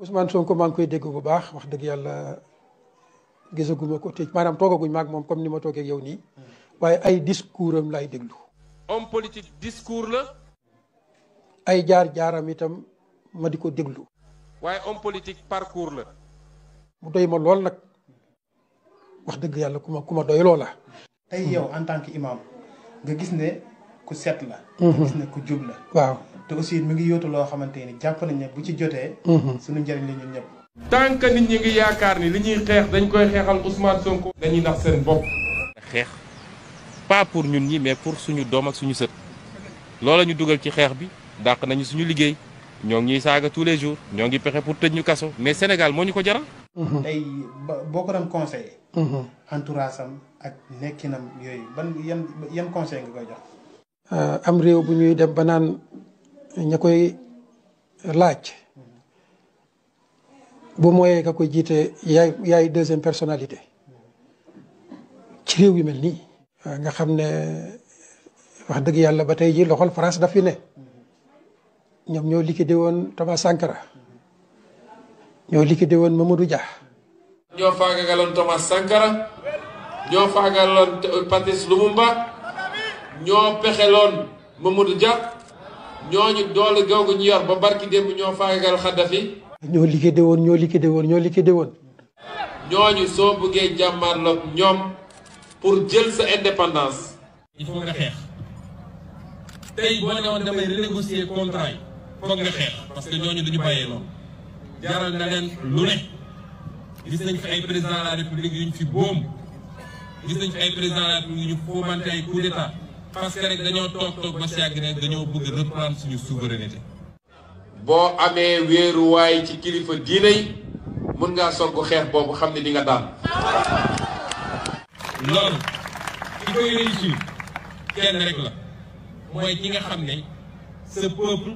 Ousmane Sonko maa ngi koy dégg bu baax wax dëgg yàlla gisaguma ko te maanaam toogaguñ maag moom comme ni ma toogee yow nii waaye ay discours am laay déglu. homme politique discours la. ay jaar jaaram itam ma di ko déglu. waaye homme politique parcours la. mu doy ma lool nag wax dëgg yàlla ku ma ku ma doy loola. tey yow en tant que imam nga gis ne ku set la. Mhm. nga gis ne ku jub la waaw. te aussi mi ngi yóotu loo xamante ni jàpp nañ ne mhm. que nit ñi ngi yaakaar ni li ñuy xeex dañ koy xeexal Ousmane Sonko. dañuy nax seen bopp. xeex pas pour ñun ñi mais pour suñu doom ak suñu sët loola ñu dugal ci xeex bi dàq nañu suñu liggéey ñoo ngi ñuy saaga tous les jours ñoo ngi pexe pour tëj ñu kaso mais Sénégal moo ñu ko jaral. Mhm. tey boo ko doon conseillé. Mhm. entourage am ak nekkinam yooyu ban yan yan conseil nga koy jox. Euh, am réew bu ñuy dem ba naan ña koy laaj bu mooyee nga koy jiite yaay yaay deuxième personnalité ci réew yu mel nii. nga xam ne wax dëgg yàlla ba tey ji loxol France daf fi ne ñoom ñoo liquidé woon Thomas Sankara ñoo liquidé woon Mamadou Dia. ñoo faagagaloon Thomas Sankara ñoo faagaloon Patrice Lumumba ñoo pexeloon Mamadou Dia. ñooñu doole googu ñu yor ba barki démb ñoo faagagal Xaddafi. ñoo liggéey woon ñoo liggéey woon ñoo liggéey woon. ñooñu soo bëggee jàmmarloog ñoom pour jël sa indépendance. il faut nga xeex tey boo foog nga xeex parce que ñooñu dañu bàyyee loolu. jaral na leen lu ne gis nañ fi ay président de république yu ñu fi boom gis nañ fi ay président de la yu ñu fomenté ay coup d'état parce que dañoo toog toog ba si yàgg ne dañoo bëgg reprendre suñu souveraineté. boo amee wéeruwaay ci kilifa diine yi mën ngaa sogg xeex boobu xam ne di nga daan. loolu koy réussir kenn rek la mooy ki nga xam ne ce peuple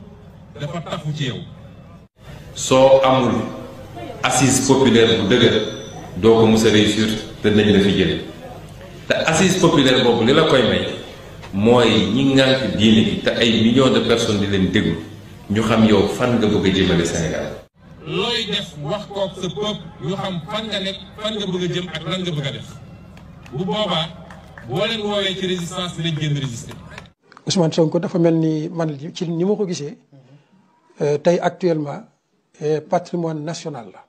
dafa tafu ci yow. soo amul assise populaire bu dëgër doo ko mës a réussir te nañ la fi jëlee te assise populaire boobu li la koy may. mooy ñi ngànk diine gi te ay millions de personnes di leen déglu ñu xam yow fan nga bëgg a jëmale looy def wax kook sa peuple ñu xam fan nga nekk fan nga bëgg jëm ak lan nga bëgg def bu boobaa boo leen woowee ci résistance lañ génn résister. Ousmane Sonko dafa mel ni man ci ni ma ko gisee euh, tey actuellement euh, patrimoine national la.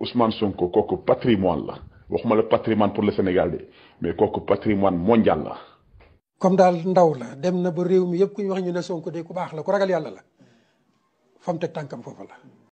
Ousmane Sonko kooku patrimoine la waxuma la patrimoine pour le Sénégal de mais kooku patrimoine mondial la. comme daal ndaw la dem na ba réew mi yëpp ku ñu wax ñu ne Sonko de ku baax la ku ragal yàlla la fa mu teg tànkam foofa la